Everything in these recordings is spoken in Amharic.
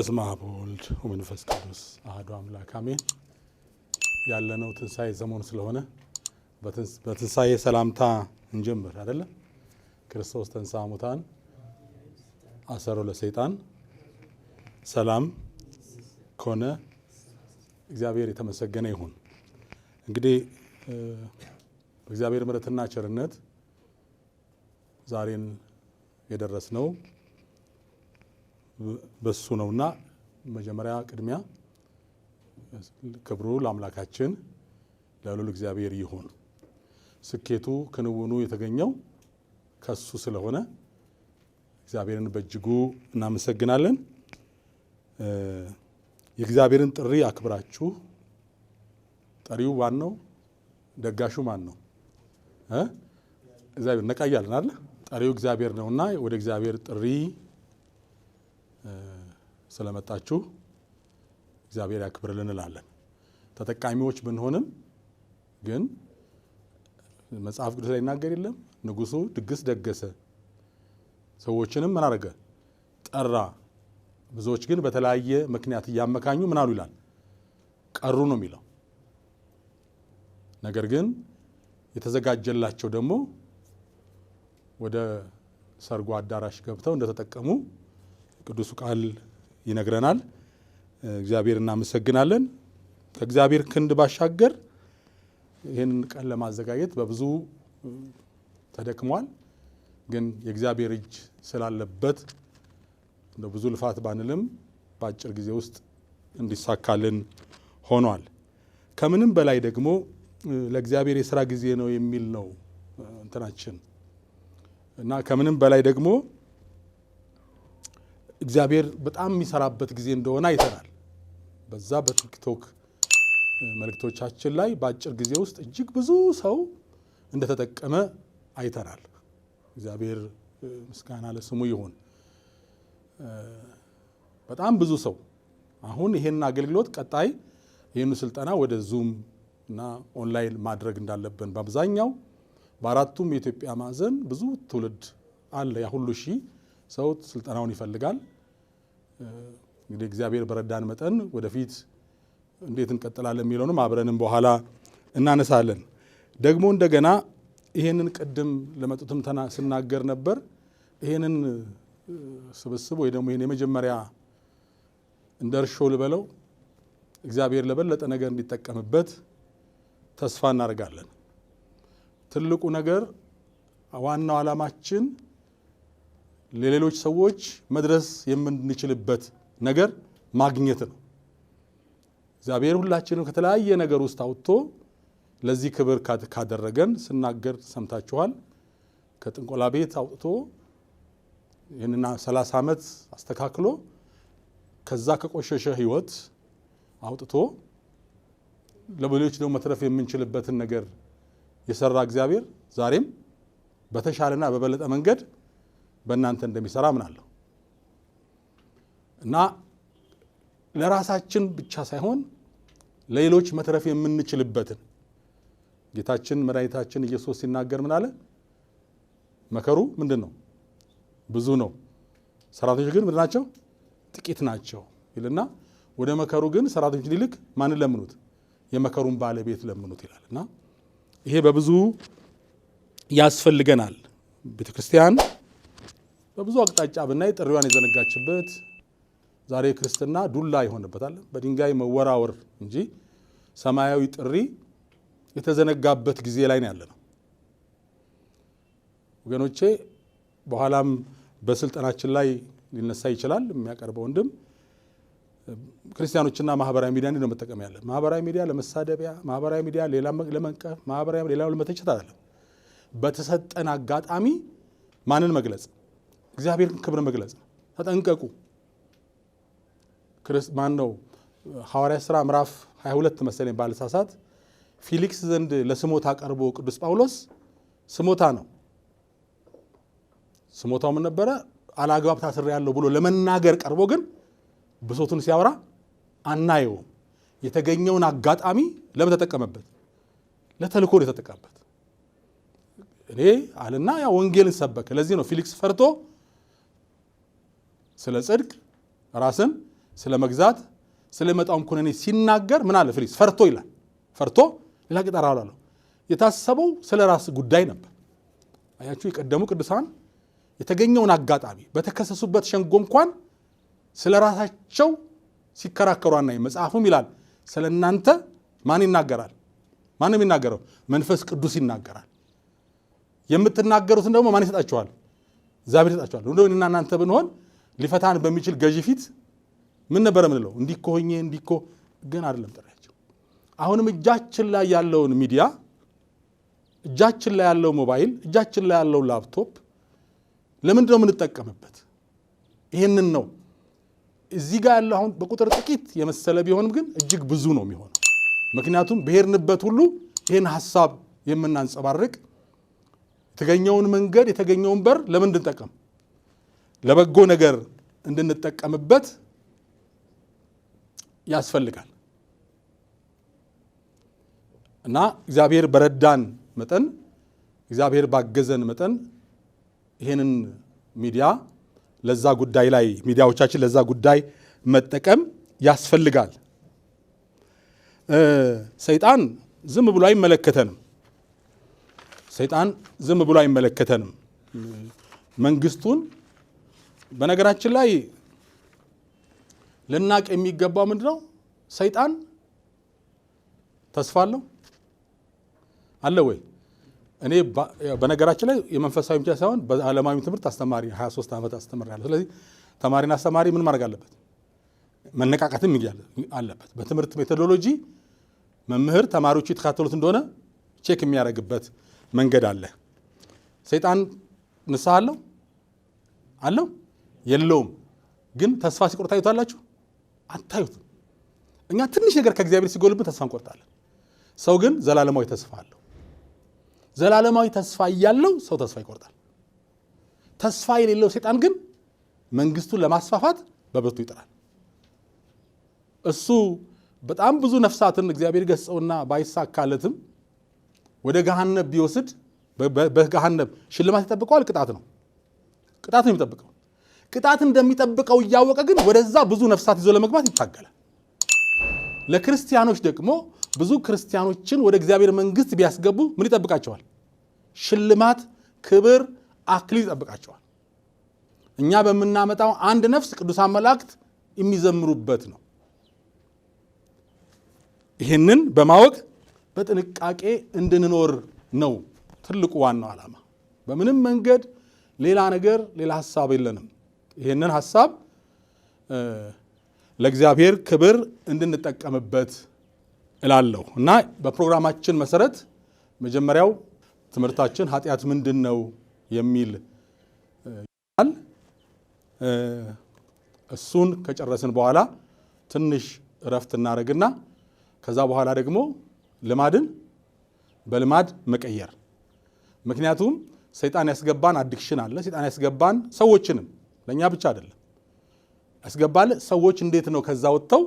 በስመ አብ ወመንፈስ ቅዱስ አህዶ አምላክ አሜን። ያለነው ትንሣኤ ሰሞን ስለሆነ በትንሣኤ ሰላምታ እንጀምር አይደለም። ክርስቶስ ተንሥአ እሙታን አሰሮ ለሰይጣን ሰላም ከሆነ እግዚአብሔር የተመሰገነ ይሁን። እንግዲህ በእግዚአብሔር ምሕረትና ቸርነት ዛሬን የደረስነው በሱ ነውና መጀመሪያ ቅድሚያ ክብሩ ለአምላካችን ለሉል እግዚአብሔር ይሁን። ስኬቱ ክንውኑ የተገኘው ከሱ ስለሆነ እግዚአብሔርን በእጅጉ እናመሰግናለን። የእግዚአብሔርን ጥሪ አክብራችሁ ጠሪው ማን ነው? ደጋሹ ማን ነው? እግዚአብሔር ነቃያለን አለ። ጠሪው እግዚአብሔር ነውና ወደ እግዚአብሔር ጥሪ ስለመጣችሁ እግዚአብሔር ያክብርልን እንላለን። ተጠቃሚዎች ብንሆንም ግን መጽሐፍ ቅዱስ ላይ ይናገር የለም ንጉሱ ድግስ ደገሰ፣ ሰዎችንም ምን አደረገ ጠራ። ብዙዎች ግን በተለያየ ምክንያት እያመካኙ ምን አሉ ይላል ቀሩ ነው የሚለው። ነገር ግን የተዘጋጀላቸው ደግሞ ወደ ሰርጉ አዳራሽ ገብተው እንደተጠቀሙ ቅዱሱ ቃል ይነግረናል። እግዚአብሔር እናመሰግናለን። ከእግዚአብሔር ክንድ ባሻገር ይህን ቀን ለማዘጋጀት በብዙ ተደክሟል። ግን የእግዚአብሔር እጅ ስላለበት እንደ ብዙ ልፋት ባንልም በአጭር ጊዜ ውስጥ እንዲሳካልን ሆኗል። ከምንም በላይ ደግሞ ለእግዚአብሔር የስራ ጊዜ ነው የሚል ነው እንትናችን እና ከምንም በላይ ደግሞ እግዚአብሔር በጣም የሚሰራበት ጊዜ እንደሆነ አይተናል። በዛ በቲክቶክ መልእክቶቻችን ላይ በአጭር ጊዜ ውስጥ እጅግ ብዙ ሰው እንደተጠቀመ አይተናል። እግዚአብሔር ምስጋና ለስሙ ይሁን። በጣም ብዙ ሰው አሁን ይሄን አገልግሎት ቀጣይ ይህን ስልጠና ወደ ዙም እና ኦንላይን ማድረግ እንዳለብን በአብዛኛው በአራቱም የኢትዮጵያ ማዕዘን ብዙ ትውልድ አለ ያ ሁሉ ሺህ ሰው ስልጠናውን ይፈልጋል። እንግዲህ እግዚአብሔር በረዳን መጠን ወደፊት እንዴት እንቀጥላለን የሚለውንም አብረንም በኋላ እናነሳለን። ደግሞ እንደገና ይሄንን ቅድም ለመጡትም ስናገር ነበር። ይሄንን ስብስብ ወይ ደግሞ ይሄን የመጀመሪያ እንደ እርሾ ልበለው እግዚአብሔር ለበለጠ ነገር እንዲጠቀምበት ተስፋ እናደርጋለን። ትልቁ ነገር ዋናው ዓላማችን ለሌሎች ሰዎች መድረስ የምንችልበት ነገር ማግኘት ነው። እግዚአብሔር ሁላችንም ከተለያየ ነገር ውስጥ አውጥቶ ለዚህ ክብር ካደረገን ስናገር ሰምታችኋል። ከጥንቆላ ቤት አውጥቶ ይህንና 30 ዓመት አስተካክሎ ከዛ ከቆሸሸ ህይወት አውጥቶ ለሌሎች ደግሞ መትረፍ የምንችልበትን ነገር የሰራ እግዚአብሔር ዛሬም በተሻለና በበለጠ መንገድ በእናንተ እንደሚሰራ አምናለሁ እና ለራሳችን ብቻ ሳይሆን ለሌሎች መትረፍ የምንችልበትን ጌታችን መድኃኒታችን ኢየሱስ ሲናገር ምን አለ? መከሩ ምንድን ነው? ብዙ ነው፣ ሰራተኞች ግን ምንድን ናቸው? ጥቂት ናቸው ይልና ወደ መከሩ ግን ሰራተኞች ሊልክ ማንን ለምኑት? የመከሩን ባለቤት ለምኑት ይላል እና ይሄ በብዙ ያስፈልገናል ቤተክርስቲያን? በብዙ አቅጣጫ ብናይ ጥሪዋን የዘነጋችበት ዛሬ ክርስትና ዱላ ይሆንበታል። በድንጋይ መወራወር እንጂ ሰማያዊ ጥሪ የተዘነጋበት ጊዜ ላይ ነው ያለ ነው ወገኖቼ። በኋላም በስልጠናችን ላይ ሊነሳ ይችላል የሚያቀርበው ወንድም ክርስቲያኖችና ማህበራዊ ሚዲያ እንዲ ነው መጠቀም ያለ ማህበራዊ ሚዲያ ለመሳደቢያ፣ ማህበራዊ ሚዲያ ሌላ ለመንቀፍ፣ ማህበራዊ ሌላው ለመተቸት አይደለም። በተሰጠን አጋጣሚ ማንን መግለጽ እግዚአብሔርን ክብር መግለጽ ነው። ተጠንቀቁ። ማን ነው ሐዋርያ ሥራ ምዕራፍ 22 መሰለኝ ባልሳሳት ፊሊክስ ዘንድ ለስሞታ ቀርቦ ቅዱስ ጳውሎስ ስሞታ ነው ስሞታው ምን ነበረ? አላግባብ ታስሬ ያለው ብሎ ለመናገር ቀርቦ ግን ብሶቱን ሲያወራ አናየውም። የተገኘውን አጋጣሚ ለምን ተጠቀመበት? ለተልእኮ ነው የተጠቀመበት። እኔ አለና ያ ወንጌልን ሰበከ። ለዚህ ነው ፊሊክስ ፈርቶ ስለ ጽድቅ፣ ራስን ስለ መግዛት፣ ስለ መጣውም ኩነኔ ሲናገር ምን አለ ፍሪስ ፈርቶ ይላል። ፈርቶ ሌላ ቅጠር አላለው። የታሰበው ስለ ራስ ጉዳይ ነበር። አያችሁ የቀደሙ ቅዱሳን የተገኘውን አጋጣሚ በተከሰሱበት ሸንጎ እንኳን ስለ ራሳቸው ሲከራከሩ አናይ። መጽሐፉም ይላል ስለ እናንተ ማን ይናገራል? ማን የሚናገረው? መንፈስ ቅዱስ ይናገራል። የምትናገሩትን ደግሞ ማን ይሰጣችኋል? እግዚአብሔር ይሰጣችኋል። እንደ እኔና እናንተ ብንሆን ሊፈታን በሚችል ገዢ ፊት ምን ነበረ ምንለው? እንዲኮ ሆኜ እንዲኮ ግን አይደለም ጥሪያቸው። አሁንም እጃችን ላይ ያለውን ሚዲያ፣ እጃችን ላይ ያለው ሞባይል፣ እጃችን ላይ ያለው ላፕቶፕ ለምንድን ነው የምንጠቀምበት? ይህንን ነው እዚህ ጋር ያለው አሁን በቁጥር ጥቂት የመሰለ ቢሆንም ግን እጅግ ብዙ ነው የሚሆነው። ምክንያቱም ብሄርንበት ሁሉ ይህን ሀሳብ የምናንጸባርቅ የተገኘውን መንገድ የተገኘውን በር ለምን እንድንጠቀም ለበጎ ነገር እንድንጠቀምበት ያስፈልጋል እና እግዚአብሔር በረዳን መጠን እግዚአብሔር ባገዘን መጠን ይህንን ሚዲያ ለዛ ጉዳይ ላይ ሚዲያዎቻችን ለዛ ጉዳይ መጠቀም ያስፈልጋል። ሰይጣን ዝም ብሎ አይመለከተንም። ሰይጣን ዝም ብሎ አይመለከተንም። መንግስቱን በነገራችን ላይ ልናቅ የሚገባው ምንድ ነው? ሰይጣን ተስፋ አለው አለ ወይ? እኔ በነገራችን ላይ የመንፈሳዊ ብቻ ሳይሆን በዓለማዊ ትምህርት አስተማሪ 23 ዓመት አስተምሬያለሁ። ስለዚህ ተማሪና አስተማሪ ምን ማድረግ አለበት? መነቃቃትም አለበት። በትምህርት ሜቶዶሎጂ መምህር ተማሪዎቹ የተካተሉት እንደሆነ ቼክ የሚያደርግበት መንገድ አለ። ሰይጣን ንስሐ አለው አለው የለውም። ግን ተስፋ ሲቆርጥ ታዩታላችሁ? አታዩትም። እኛ ትንሽ ነገር ከእግዚአብሔር ሲጎልብን ተስፋ እንቆርጣለን። ሰው ግን ዘላለማዊ ተስፋ አለው። ዘላለማዊ ተስፋ እያለው ሰው ተስፋ ይቆርጣል። ተስፋ የሌለው ሰይጣን ግን መንግስቱን ለማስፋፋት በብርቱ ይጥራል። እሱ በጣም ብዙ ነፍሳትን እግዚአብሔር ገጸውና ባይሳካለትም ወደ ገሃነብ ቢወስድ በገሃነብ ሽልማት ይጠብቀዋል። ቅጣት ነው፣ ቅጣት ነው የሚጠብቀው። ቅጣት እንደሚጠብቀው እያወቀ ግን ወደዛ ብዙ ነፍሳት ይዞ ለመግባት ይታገላል። ለክርስቲያኖች ደግሞ ብዙ ክርስቲያኖችን ወደ እግዚአብሔር መንግስት ቢያስገቡ ምን ይጠብቃቸዋል? ሽልማት፣ ክብር፣ አክሊል ይጠብቃቸዋል። እኛ በምናመጣው አንድ ነፍስ ቅዱሳን መላእክት የሚዘምሩበት ነው። ይህንን በማወቅ በጥንቃቄ እንድንኖር ነው ትልቁ ዋናው ዓላማ። በምንም መንገድ ሌላ ነገር ሌላ ሀሳብ የለንም። ይህንን ሀሳብ ለእግዚአብሔር ክብር እንድንጠቀምበት እላለሁ እና በፕሮግራማችን መሰረት መጀመሪያው ትምህርታችን ኃጢአት ምንድን ነው የሚል ል እሱን ከጨረስን በኋላ ትንሽ እረፍት እናደረግና ከዛ በኋላ ደግሞ ልማድን በልማድ መቀየር ምክንያቱም ሰይጣን ያስገባን አዲክሽን አለ። ሰይጣን ያስገባን ሰዎችንም ለእኛ ብቻ አይደለም። ያስገባል ሰዎች እንዴት ነው ከዛ ወጥተው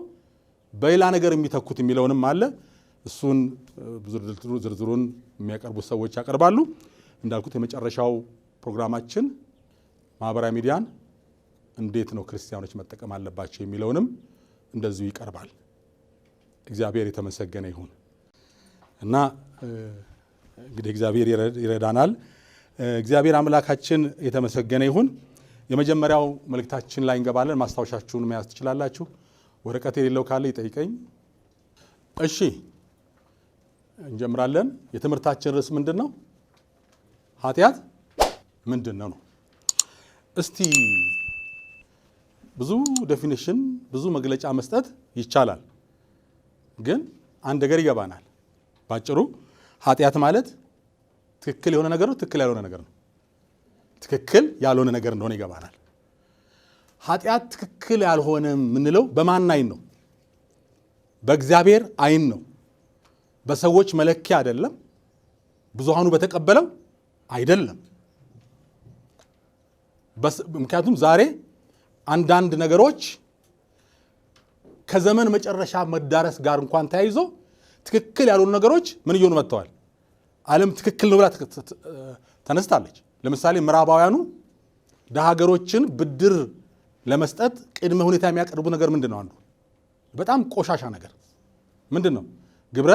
በሌላ ነገር የሚተኩት የሚለውንም አለ። እሱን ዝርዝሩን የሚያቀርቡት ሰዎች ያቀርባሉ። እንዳልኩት የመጨረሻው ፕሮግራማችን ማህበራዊ ሚዲያን እንዴት ነው ክርስቲያኖች መጠቀም አለባቸው የሚለውንም እንደዚሁ ይቀርባል። እግዚአብሔር የተመሰገነ ይሁን እና እንግዲህ እግዚአብሔር ይረዳናል። እግዚአብሔር አምላካችን የተመሰገነ ይሁን። የመጀመሪያው መልእክታችን ላይ እንገባለን። ማስታወሻችሁን መያዝ ትችላላችሁ። ወረቀት የሌለው ካለ ይጠይቀኝ። እሺ እንጀምራለን። የትምህርታችን ርዕስ ምንድን ነው? ኃጢአት ምንድን ነው ነው። እስቲ ብዙ ዴፊኒሽን ብዙ መግለጫ መስጠት ይቻላል፣ ግን አንድ ነገር ይገባናል። ባጭሩ ኃጢአት ማለት ትክክል የሆነ ነገር ነው፣ ትክክል ያልሆነ ነገር ነው። ትክክል ያልሆነ ነገር እንደሆነ ይገባናል። ኃጢአት ትክክል ያልሆነ የምንለው በማን አይን ነው? በእግዚአብሔር አይን ነው። በሰዎች መለኪያ አይደለም። ብዙሃኑ በተቀበለው አይደለም። ምክንያቱም ዛሬ አንዳንድ ነገሮች ከዘመን መጨረሻ መዳረስ ጋር እንኳን ተያይዞ ትክክል ያልሆኑ ነገሮች ምን እየሆኑ መጥተዋል። ዓለም ትክክል ነው ብላ ተነስታለች። ለምሳሌ ምዕራባውያኑ ለሀገሮችን ብድር ለመስጠት ቅድመ ሁኔታ የሚያቀርቡ ነገር ምንድን ነው? አንዱ በጣም ቆሻሻ ነገር ምንድን ነው? ግብረ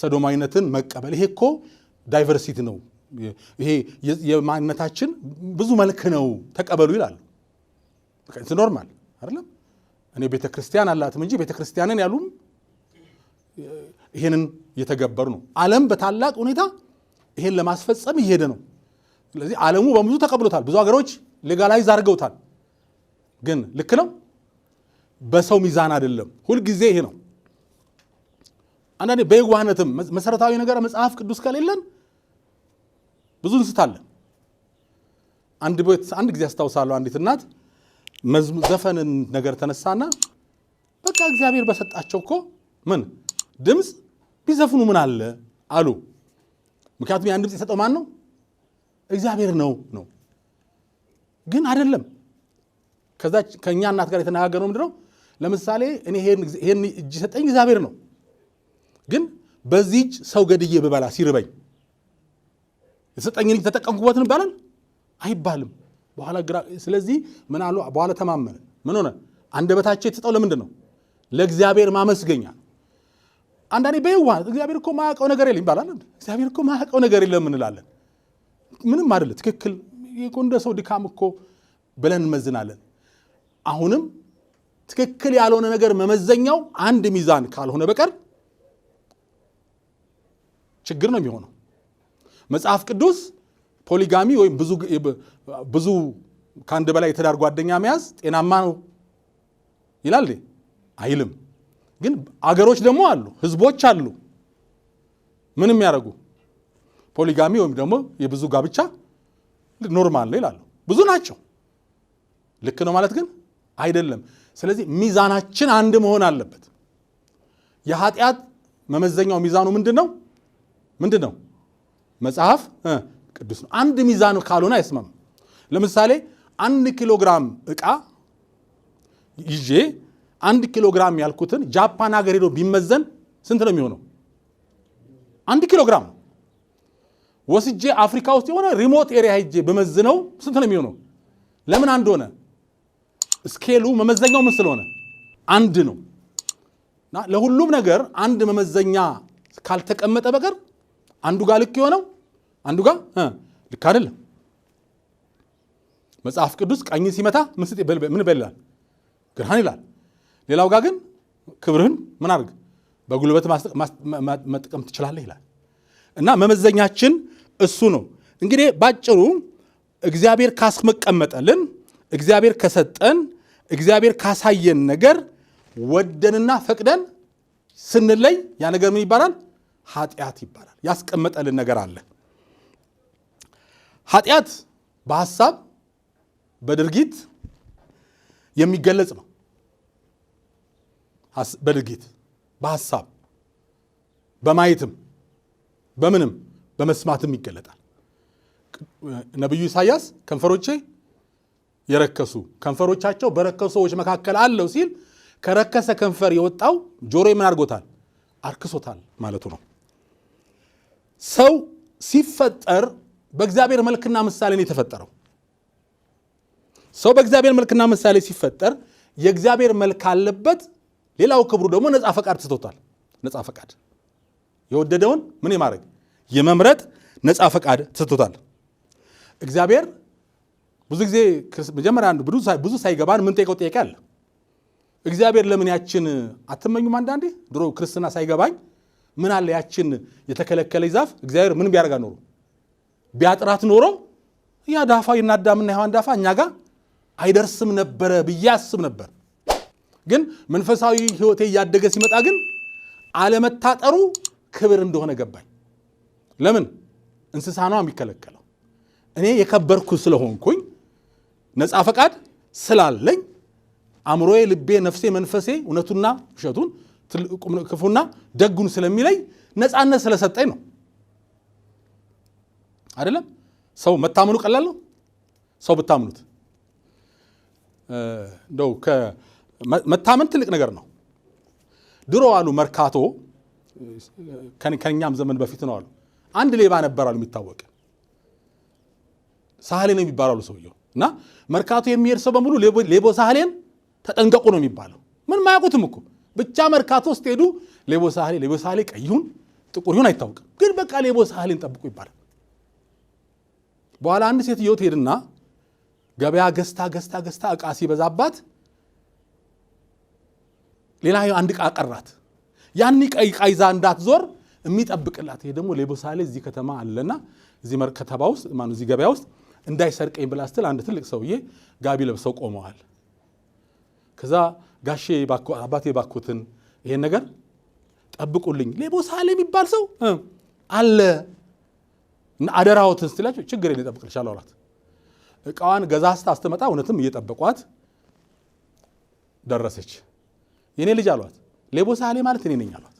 ሰዶማዊነትን መቀበል። ይሄ እኮ ዳይቨርሲቲ ነው፣ ይሄ የማንነታችን ብዙ መልክ ነው፣ ተቀበሉ ይላሉ። ኖርማል አይደለም። እኔ ቤተ ክርስቲያን አላትም እንጂ ቤተ ክርስቲያንን ያሉም ይሄንን እየተገበሩ ነው። ዓለም በታላቅ ሁኔታ ይሄን ለማስፈጸም እየሄደ ነው። ስለዚህ ዓለሙ በብዙ ተቀብሎታል። ብዙ ሀገሮች ሌጋላይዝ አድርገውታል። ግን ልክ ነው፣ በሰው ሚዛን አይደለም። ሁልጊዜ ይሄ ነው። አንዳንዴ በየዋህነትም መሰረታዊ ነገር መጽሐፍ ቅዱስ ከሌለን ብዙ እንስታለን። አንድ ቤት አንድ ጊዜ አስታውሳለሁ፣ አንዲት እናት ዘፈንን ነገር ተነሳና በቃ እግዚአብሔር በሰጣቸው እኮ ምን ድምፅ ቢዘፍኑ ምን አለ አሉ። ምክንያቱም ያን ድምፅ የሰጠው ማን ነው? እግዚአብሔር ነው ነው ግን አይደለም። ከዛ ከእኛ እናት ጋር የተነጋገርነው ምንድነው? ለምሳሌ እኔ ይሄን እጅ ሰጠኝ እግዚአብሔር ነው፣ ግን በዚህ እጅ ሰው ገድዬ ብበላ ሲርበኝ የተሰጠኝን እጅ ተጠቀምኩበትን ይባላል አይባልም። በኋላ ግራ ስለዚህ ምን አሉ በኋላ ተማመነ። ምን ሆነ አንደበታቸው የተሰጠው ለምንድን ነው? ለእግዚአብሔር ማመስገኛ ነው። አንዳንዴ በይዋ እግዚአብሔር እኮ ማያውቀው ነገር የለም ይባላል። እግዚአብሔር እኮ ማያውቀው ነገር የለም እንላለን። ምንም አይደለ። ትክክል የጎንደ ሰው ድካም እኮ ብለን እንመዝናለን። አሁንም ትክክል ያልሆነ ነገር መመዘኛው አንድ ሚዛን ካልሆነ በቀር ችግር ነው የሚሆነው። መጽሐፍ ቅዱስ ፖሊጋሚ ወይም ብዙ ከአንድ በላይ የትዳር ጓደኛ መያዝ ጤናማ ነው ይላል አይልም። ግን አገሮች ደግሞ አሉ፣ ህዝቦች አሉ ምንም የሚያደርጉ ፖሊጋሚ ወይም ደግሞ የብዙ ጋብቻ ኖርማል ነው ይላሉ። ብዙ ናቸው። ልክ ነው ማለት ግን አይደለም። ስለዚህ ሚዛናችን አንድ መሆን አለበት። የኃጢአት መመዘኛው ሚዛኑ ምንድን ነው? ምንድን ነው? መጽሐፍ ቅዱስ ነው። አንድ ሚዛን ካልሆነ አይስማም። ለምሳሌ አንድ ኪሎግራም እቃ ዕቃ ይዤ አንድ ኪሎ ግራም ያልኩትን ጃፓን ሀገር ሄዶ ቢመዘን ስንት ነው የሚሆነው? አንድ ኪሎግራም ግራም ወስጄ አፍሪካ ውስጥ የሆነ ሪሞት ኤሪያ ሄጄ በመዝነው ስንት ነው የሚሆነው? ለምን አንድ ሆነ? ስኬሉ መመዘኛው ምን ስለሆነ አንድ ነው። እና ለሁሉም ነገር አንድ መመዘኛ ካልተቀመጠ በቀር አንዱ ጋር ልክ የሆነው አንዱ ጋር ልክ አይደለም። መጽሐፍ ቅዱስ ቀኝ ሲመታ ምን በል ግርሃን ይላል። ሌላው ጋር ግን ክብርህን ምን አድርግ በጉልበት መጠቀም ትችላለህ ይላል። እና መመዘኛችን እሱ ነው። እንግዲህ ባጭሩ እግዚአብሔር ካስመቀመጠልን፣ እግዚአብሔር ከሰጠን፣ እግዚአብሔር ካሳየን ነገር ወደንና ፈቅደን ስንለይ ያ ነገር ምን ይባላል? ኃጢአት ይባላል። ያስቀመጠልን ነገር አለ። ኃጢአት በሀሳብ በድርጊት የሚገለጽ ነው። በድርጊት በሀሳብ በማየትም በምንም በመስማትም ይገለጣል። ነቢዩ ኢሳያስ ከንፈሮቼ የረከሱ ከንፈሮቻቸው በረከሱ ሰዎች መካከል አለው ሲል ከረከሰ ከንፈር የወጣው ጆሮ ምን አድርጎታል? አርክሶታል ማለቱ ነው። ሰው ሲፈጠር በእግዚአብሔር መልክና ምሳሌ ነው የተፈጠረው። ሰው በእግዚአብሔር መልክና ምሳሌ ሲፈጠር የእግዚአብሔር መልክ አለበት። ሌላው ክብሩ ደግሞ ነፃ ፈቃድ ትቶታል። ነፃ ፈቃድ የወደደውን ምን የማድረግ የመምረጥ ነፃ ፈቃድ ተሰጥቶታል። እግዚአብሔር ብዙ ጊዜ መጀመሪያ ብዙ ሳይገባን ምን ጠይቀው ጥያቄ አለ። እግዚአብሔር ለምን ያችን አትመኙም? አንዳንዴ ድሮ ክርስትና ሳይገባኝ ምን አለ ያችን የተከለከለ ዛፍ እግዚአብሔር ምን ቢያደርጋ ኖሮ ቢያጥራት ኖሮ ያ ዳፋ የናዳምና የሔዋን ዳፋ እኛ ጋር አይደርስም ነበረ ብዬ አስብ ነበር። ግን መንፈሳዊ ሕይወቴ እያደገ ሲመጣ ግን አለመታጠሩ ክብር እንደሆነ ገባኝ። ለምን እንስሳ ነው የሚከለከለው? እኔ የከበርኩ ስለሆንኩኝ ነፃ ፈቃድ ስላለኝ አእምሮዬ፣ ልቤ፣ ነፍሴ፣ መንፈሴ እውነቱና ውሸቱን ክፉና ደጉን ስለሚለይ ነፃነት ስለሰጠኝ ነው። አይደለም ሰው መታመኑ ቀላል ነው። ሰው ብታምኑት እንደው መታመን ትልቅ ነገር ነው። ድሮ አሉ መርካቶ ከኛም ዘመን በፊት ነው አሉ አንድ ሌባ ነበር አሉ የሚታወቅ ሳህሌ ነው የሚባላሉ ሰውየው። እና መርካቶ የሚሄድ ሰው በሙሉ ሌቦ ሳህሌን ተጠንቀቁ ነው የሚባለው። ምን ማያውቁትም እኮ ብቻ መርካቶ ሄዱ ሌቦ ሳህሌ ሌቦ ሳህሌ ቀይ ይሁን ጥቁር ይሁን አይታወቅም፣ ግን በቃ ሌቦ ሳህሌን ጠብቁ ይባላል። በኋላ አንድ ሴትዮ ትሄድና ገበያ ገዝታ ገዝታ ገዝታ እቃ ሲበዛባት ሌላ አንድ እቃ ቀራት። ያን ቀይ እቃ ይዛ እንዳትዞር የሚጠብቅላት ይሄ ደግሞ ሌቦሳሌ እዚህ ከተማ አለና እዚህ መርከተባ ውስጥ ማነው እዚህ ገበያ ውስጥ እንዳይሰርቀኝ ብላ ስትል አንድ ትልቅ ሰውዬ ጋቢ ለብሰው ቆመዋል። ከዛ ጋሼ አባቴ የባኩትን ይሄን ነገር ጠብቁልኝ፣ ሌቦሳሌ የሚባል ሰው አለ እና አደራዎትን ስትላቸው ችግር የለም እጠብቅልሻለሁ አሏት። እቃዋን ገዛዝታ አስተመጣ። እውነትም እየጠበቋት ደረሰች። የኔ ልጅ አሏት ሌቦሳሌ ማለት እኔ ነኝ አሏት።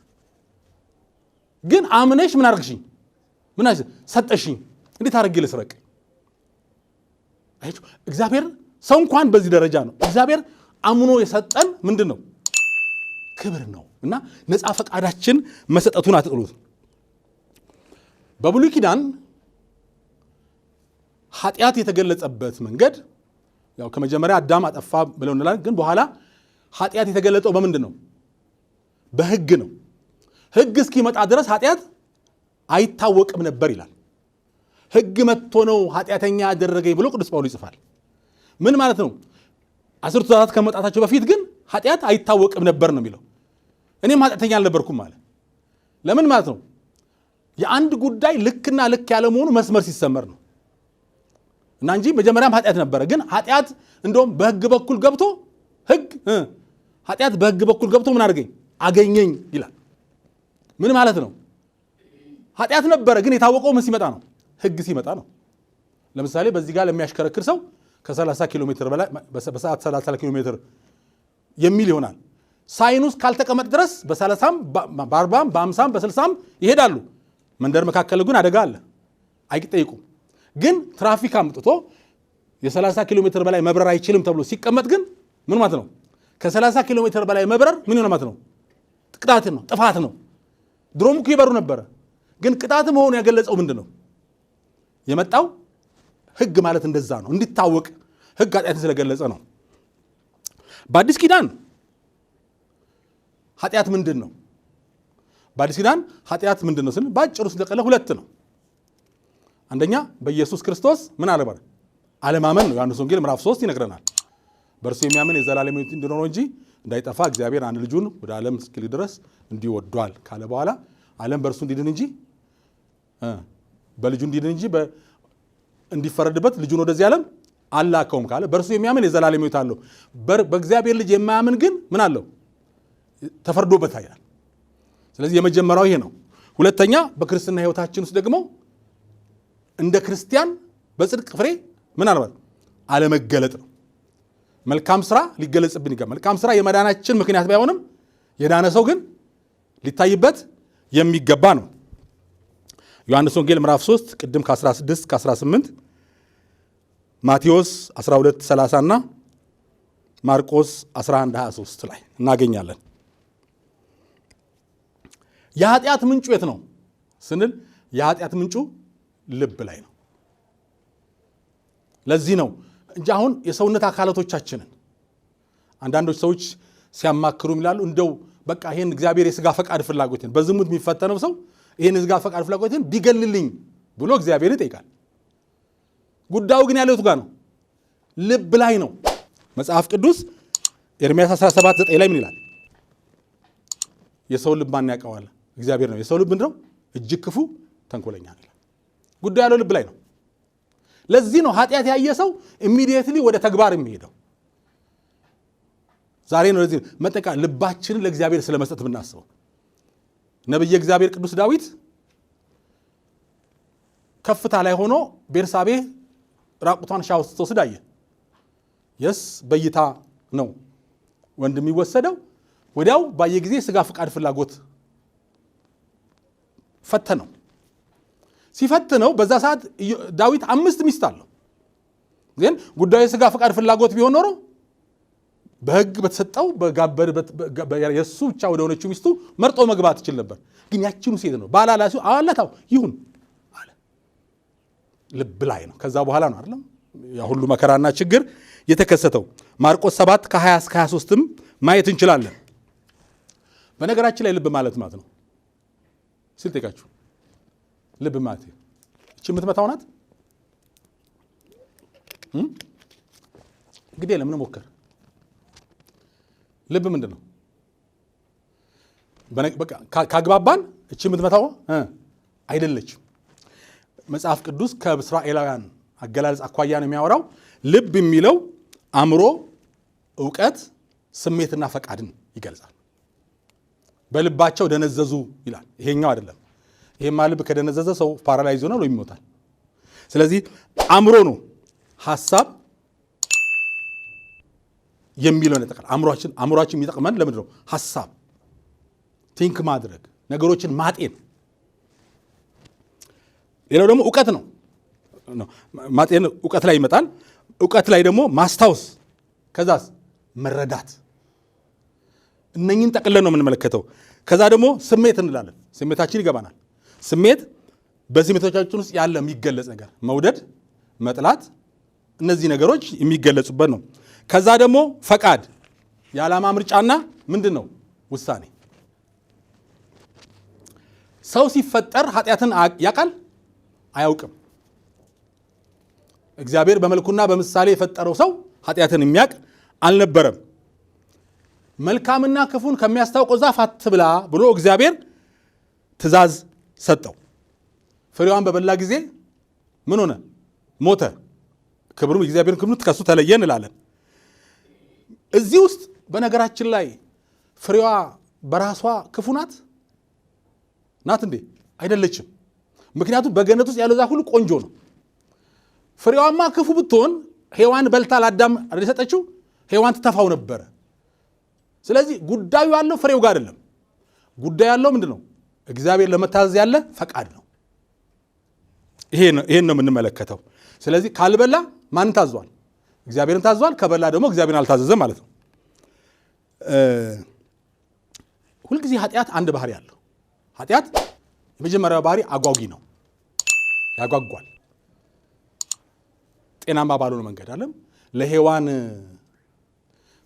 ግን አምነሽ ምን አርግሽኝ ምን ሰጠሽኝ፣ እንዴት አርግ ልስረቅ? እግዚአብሔር ሰው እንኳን በዚህ ደረጃ ነው። እግዚአብሔር አምኖ የሰጠን ምንድን ነው? ክብር ነው። እና ነፃ ፈቃዳችን መሰጠቱን አትጥሉት። በብሉይ ኪዳን ኃጢአት የተገለጸበት መንገድ ያው ከመጀመሪያ አዳም አጠፋ ብለው እንላለን። ግን በኋላ ኃጢአት የተገለጸው በምንድን ነው? በህግ ነው። ህግ እስኪመጣ ድረስ ኃጢአት አይታወቅም ነበር ይላል። ህግ መጥቶ ነው ኃጢአተኛ ያደረገኝ ብሎ ቅዱስ ጳውሎ ይጽፋል። ምን ማለት ነው? አስርቱ ትእዛዛት ከመጣታቸው በፊት ግን ኃጢአት አይታወቅም ነበር ነው የሚለው። እኔም ኃጢአተኛ አልነበርኩም አለ። ለምን ማለት ነው? የአንድ ጉዳይ ልክና ልክ ያለ መሆኑ መስመር ሲሰመር ነው እና እንጂ መጀመሪያም ኃጢአት ነበረ። ግን ኃጢአት እንደውም በህግ በኩል ገብቶ ህግ ኃጢአት በህግ በኩል ገብቶ ምን አድርገኝ አገኘኝ ይላል ምን ማለት ነው? ኃጢአት ነበረ፣ ግን የታወቀው ምን ሲመጣ ነው? ህግ ሲመጣ ነው። ለምሳሌ በዚህ ጋር ለሚያሽከረክር ሰው ከ30 ኪሎ ሜትር በላይ በሰዓት 30 ኪሎ ሜትር የሚል ይሆናል። ሳይን ውስጥ ካልተቀመጥ ድረስ በ30ም በ40ም በ50ም በ60ም ይሄዳሉ። መንደር መካከል ግን አደጋ አለ፣ አይጠይቁም። ግን ትራፊክ አምጥቶ የ30 ኪሎ ሜትር በላይ መብረር አይችልም ተብሎ ሲቀመጥ ግን ምን ማለት ነው? ከ30 ኪሎ ሜትር በላይ መብረር ምን ይሆነ ማለት ነው? ቅጣት ነው፣ ጥፋት ነው። ድሮም እኮ ይበሩ ነበረ። ግን ቅጣት መሆኑ ያገለጸው ምንድን ነው? የመጣው ህግ ማለት እንደዛ ነው፣ እንዲታወቅ ህግ ኃጢአትን ስለገለጸ ነው። በአዲስ ኪዳን ኃጢአት ምንድን ነው? በአዲስ ኪዳን ኃጢአት ምንድን ነው ስንል በአጭሩ ስንጠቀለ ሁለት ነው። አንደኛ በኢየሱስ ክርስቶስ ምን አለበር አለማመን ነው። ዮሐንስ ወንጌል ምዕራፍ 3 ይነግረናል። በእርሱ የሚያምን የዘላለም ሕይወት እንዲኖረው እንጂ እንዳይጠፋ እግዚአብሔር አንድ ልጁን ወደ ዓለም እስኪል ድረስ እንዲወዷል ካለ በኋላ ዓለም በእርሱ እንዲድን እንጂ በልጁ እንዲድን እንጂ እንዲፈረድበት ልጁን ወደዚህ ዓለም አላከውም ካለ በእርሱ የሚያምን የዘላለም ሕይወት አለው። በእግዚአብሔር ልጅ የማያምን ግን ምን አለው? ተፈርዶበት ይላል። ስለዚህ የመጀመሪያው ይሄ ነው። ሁለተኛ በክርስትና ሕይወታችን ውስጥ ደግሞ እንደ ክርስቲያን በጽድቅ ፍሬ ምን አልባት አለመገለጥ ነው። መልካም ስራ ሊገለጽብን ይገባል። መልካም ስራ የመዳናችን ምክንያት ባይሆንም የዳነ ሰው ግን ሊታይበት የሚገባ ነው። ዮሐንስ ወንጌል ምዕራፍ 3 ቅድም ከ16 ከ18 ማቴዎስ 12 30 እና ማርቆስ 11 23 ላይ እናገኛለን። የኃጢአት ምንጩ የት ነው ስንል የኃጢአት ምንጩ ልብ ላይ ነው። ለዚህ ነው እንጂ አሁን የሰውነት አካላቶቻችንን አንዳንዶች ሰዎች ሲያማክሩ ይላሉ እንደው በቃ ይህን እግዚአብሔር የስጋ ፈቃድ ፍላጎትን በዝሙት የሚፈተነው ሰው ይህን የስጋ ፈቃድ ፍላጎትን ቢገልልኝ ብሎ እግዚአብሔር ይጠይቃል። ጉዳዩ ግን ያለው ጋር ነው? ልብ ላይ ነው። መጽሐፍ ቅዱስ ኤርምያስ 17 9 ላይ ምን ይላል? የሰው ልብ ማን ያውቀዋል? እግዚአብሔር ነው። የሰው ልብ ምንድነው? እጅግ ክፉ ተንኮለኛ ነው። ጉዳዩ ያለው ልብ ላይ ነው። ለዚህ ነው ኃጢአት ያየ ሰው ኢሚዲየትሊ ወደ ተግባር የሚሄደው። ዛሬ ነው ለዚህ መጠቃ ልባችንን ለእግዚአብሔር ስለ መስጠት የምናስበው። ነቢየ እግዚአብሔር ቅዱስ ዳዊት ከፍታ ላይ ሆኖ ቤርሳቤ ራቁቷን ውስጥ ስትወስድ አየ። የስ በእይታ ነው ወንድ የሚወሰደው። ወዲያው ባየ ጊዜ ስጋ ፍቃድ ፍላጎት ፈተነው። ሲፈትነው በዛ ሰዓት ዳዊት አምስት ሚስት አለው። ግን ጉዳዩ ስጋ ፈቃድ ፍላጎት ቢሆን ኖሮ በህግ በተሰጠው የእሱ ብቻ ወደ ሆነችው ሚስቱ መርጦ መግባት ይችል ነበር። ግን ያችኑ ሴት ነው ሲሆ አዋላታው ይሁን አለ። ልብ ላይ ነው። ከዛ በኋላ ነው አይደለም ሁሉ መከራና ችግር የተከሰተው። ማርቆስ 7 ከ20 እስከ 23ም ማየት እንችላለን። በነገራችን ላይ ልብ ማለት ማለት ነው ስል ልብ ማለቴ እቺ የምትመታው ናት። እንግዲህ ለምን ሞከር ልብ ምንድን ነው? ካግባባን እቺ የምትመታው አይደለችም። መጽሐፍ ቅዱስ ከእስራኤላውያን አገላለጽ አኳያ ነው የሚያወራው። ልብ የሚለው አእምሮ፣ እውቀት፣ ስሜትና ፈቃድን ይገልጻል። በልባቸው ደነዘዙ ይላል። ይሄኛው አይደለም። ይሄማ ልብ ከደነዘዘ ሰው ፓራላይዝ ይሆናል ወይም ይሞታል። ስለዚህ አእምሮ ነው ሀሳብ የሚለውን ያጠቃል። አእምሯችን አእምሯችን የሚጠቅመን ለምንድን ነው? ሀሳብ ቲንክ ማድረግ ነገሮችን ማጤን። ሌላው ደግሞ እውቀት ነው። ማጤን እውቀት ላይ ይመጣል። እውቀት ላይ ደግሞ ማስታወስ፣ ከዛስ መረዳት። እነኝን ጠቅለን ነው የምንመለከተው። ከዛ ደግሞ ስሜት እንላለን። ስሜታችን ይገባናል። ስሜት በስሜቶቻችን ውስጥ ያለ የሚገለጽ ነገር መውደድ፣ መጥላት እነዚህ ነገሮች የሚገለጹበት ነው። ከዛ ደግሞ ፈቃድ የዓላማ ምርጫና ምንድን ነው ውሳኔ። ሰው ሲፈጠር ኃጢአትን ያውቃል አያውቅም? እግዚአብሔር በመልኩና በምሳሌ የፈጠረው ሰው ኃጢአትን የሚያውቅ አልነበረም። መልካምና ክፉን ከሚያስታውቀው ዛፍ አትብላ ብሎ እግዚአብሔር ትእዛዝ ሰጠው። ፍሬዋን በበላ ጊዜ ምን ሆነ? ሞተ። ክብሩ እግዚአብሔርን ክብሩ ከሱ ተለየ እንላለን። እዚህ ውስጥ በነገራችን ላይ ፍሬዋ በራሷ ክፉ ናት ናት እንዴ? አይደለችም። ምክንያቱም በገነት ውስጥ ያለው ዛፍ ሁሉ ቆንጆ ነው። ፍሬዋማ ክፉ ብትሆን ሔዋን በልታ ለአዳም የሰጠችው ሔዋን ትተፋው ነበረ። ስለዚህ ጉዳዩ ያለው ፍሬው ጋር አይደለም። ጉዳዩ ያለው ምንድን ነው? እግዚአብሔር ለመታዘዝ ያለ ፈቃድ ነው። ይሄን ነው የምንመለከተው። ስለዚህ ካልበላ ማንን ታዟል? እግዚአብሔርን ታዟል። ከበላ ደግሞ እግዚአብሔር አልታዘዘም ማለት ነው። ሁልጊዜ ኃጢአት አንድ ባህሪ አለው። ኃጢአት የመጀመሪያው ባህሪ አጓጊ ነው፣ ያጓጓል። ጤናማ ባልሆነ መንገድ አለም ለሔዋን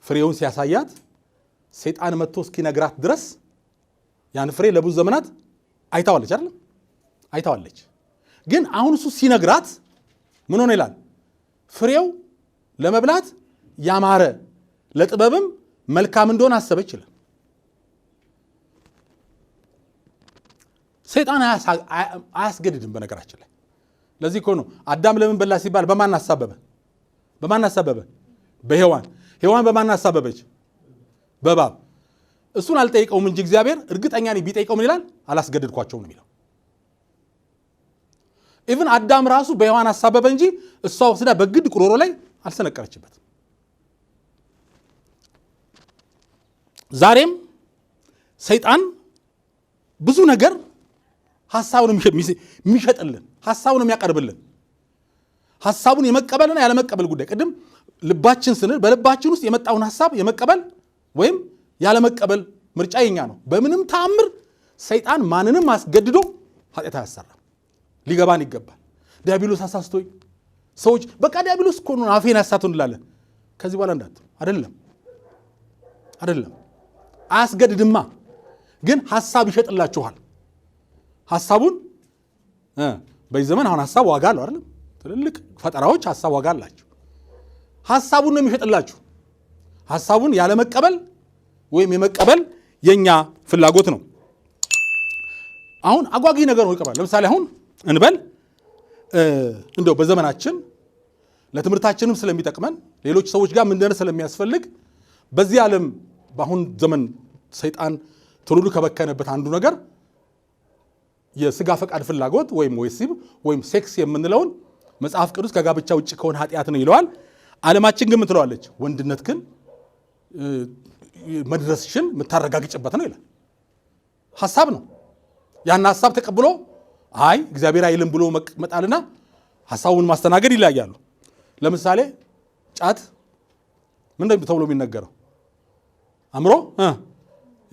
ፍሬውን ሲያሳያት ሰይጣን መጥቶ እስኪነግራት ድረስ ያን ፍሬ ለብዙ ዘመናት አይታዋለች አይደለም አይታዋለች። ግን አሁን እሱ ሲነግራት ምን ሆነ ይላል? ፍሬው ለመብላት ያማረ ለጥበብም መልካም እንደሆነ አሰበች ይላል። ሰይጣን አያስገድድም። በነገራችን ላይ ለዚህ እኮ ነው አዳም ለምን በላ ሲባል በማን አሳበበ? በማን አሳበበ? በሔዋን ሔዋን በማን አሳበበች? በባብ እሱን አልጠይቀውም እንጂ እግዚአብሔር እርግጠኛ ነኝ ቢጠይቀው ምን ይላል? አላስገደድኳቸውም የሚለው ኢቭን አዳም ራሱ በሔዋን አሳበበ እንጂ እሷ ወስዳ በግድ ቁሮሮ ላይ አልሰነቀረችበት። ዛሬም ሰይጣን ብዙ ነገር ሀሳቡን የሚሸጥልን ሀሳቡን የሚያቀርብልን ሀሳቡን የመቀበልና ያለመቀበል ጉዳይ ቅድም ልባችን ስንል በልባችን ውስጥ የመጣውን ሀሳብ የመቀበል ወይም ያለመቀበል ምርጫ የኛ ነው። በምንም ተአምር ሰይጣን ማንንም አስገድዶ ኃጢአት አያሰራም። ሊገባን ይገባል። ዲያብሎስ አሳስቶኝ ሰዎች በቃ ዲያብሎስ እኮ ነው አፌን ያሳቱ እንላለን። ከዚህ በኋላ እንዳት አደለም አደለም፣ አያስገድድማ፣ ግን ሀሳብ ይሸጥላችኋል። ሀሳቡን በዚህ ዘመን አሁን ሀሳብ ዋጋ አለው አይደለም? ትልልቅ ፈጠራዎች ሀሳብ ዋጋ አላቸው። ሀሳቡን ነው የሚሸጥላችሁ። ሀሳቡን ያለመቀበል ወይም የመቀበል የእኛ ፍላጎት ነው። አሁን አጓጊ ነገር ነው ይቀበል። ለምሳሌ አሁን እንበል እንደው በዘመናችን ለትምህርታችንም ስለሚጠቅመን ሌሎች ሰዎች ጋር ምንደርስ ስለሚያስፈልግ በዚህ ዓለም በአሁን ዘመን ሰይጣን ትውልዱ ከበከነበት አንዱ ነገር የስጋ ፈቃድ ፍላጎት ወይም ወሲብ ወይም ሴክስ የምንለውን መጽሐፍ ቅዱስ ከጋብቻ ውጭ ከሆነ ኃጢአት ነው ይለዋል። ዓለማችን ግን ምን ትለዋለች? ወንድነት ግን መድረስሽን የምታረጋግጭበት ነው ይላል። ሀሳብ ነው። ያን ሀሳብ ተቀብሎ አይ እግዚአብሔር አይልም ብሎ መጣልና ሀሳቡን ማስተናገድ ይለያያሉ። ለምሳሌ ጫት ምን ተብሎ የሚነገረው አእምሮ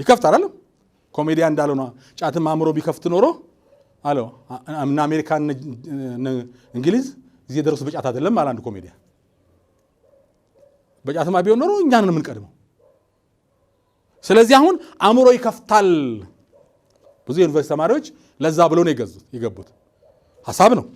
ይከፍት አላለም። ኮሜዲያ እንዳለ ነ ጫትም አእምሮ ቢከፍት ኖሮ አለ እና አሜሪካ እንግሊዝ እዚህ የደረሱ በጫት አይደለም አለ አንድ ኮሜዲያ። በጫትማ ቢሆን ኖሮ እኛንን የምንቀድመው ስለዚህ አሁን አእምሮ ይከፍታል። ብዙ የዩኒቨርሲቲ ተማሪዎች ለዛ ብሎ ነው የገዙት የገቡት ሀሳብ ነው።